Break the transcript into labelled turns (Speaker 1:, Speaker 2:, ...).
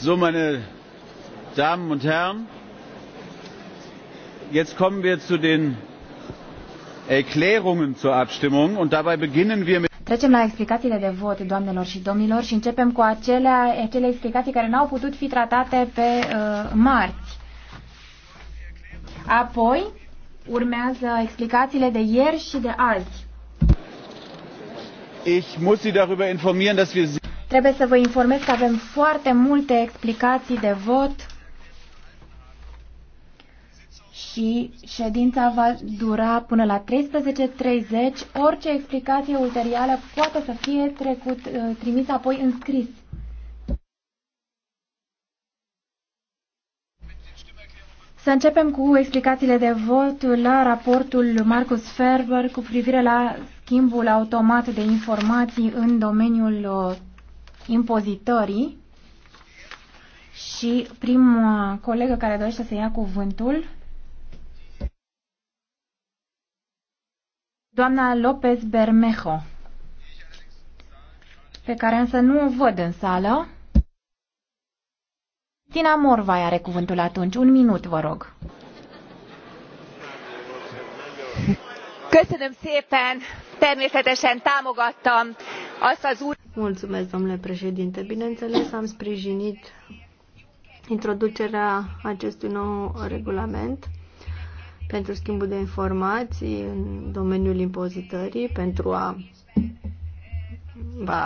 Speaker 1: So, meine Damen und Herren, jetzt kommen wir zu den Erklärungen zur Abstimmung und dabei beginnen wir mit
Speaker 2: Trecem la explicațiile de vot, doamnelor și domnilor, și începem cu acelea, acele explicații care n-au putut fi tratate pe uh, marți. Apoi urmează explicațiile de ieri și de azi.
Speaker 1: Ich muss Sie darüber informieren, dass wir
Speaker 2: Trebuie să vă informez că avem foarte multe explicații de vot și ședința va dura până la 13.30. Orice explicație ulterioară poate să fie trecut, ă, trimisă apoi în scris. Să începem cu explicațiile de vot la raportul Marcus Ferber cu privire la schimbul automat de informații în domeniul ă, impozitării și primul uh, colegă care dorește să ia cuvântul, doamna López Bermejo, pe care însă nu o văd în sală. Tina Morvai are cuvântul atunci. Un minut, vă rog. Köszönöm szépen! Természetesen támogattam Mulțumesc, domnule președinte. Bineînțeles, am sprijinit introducerea acestui nou regulament pentru schimbul de informații în domeniul impozitării, pentru a va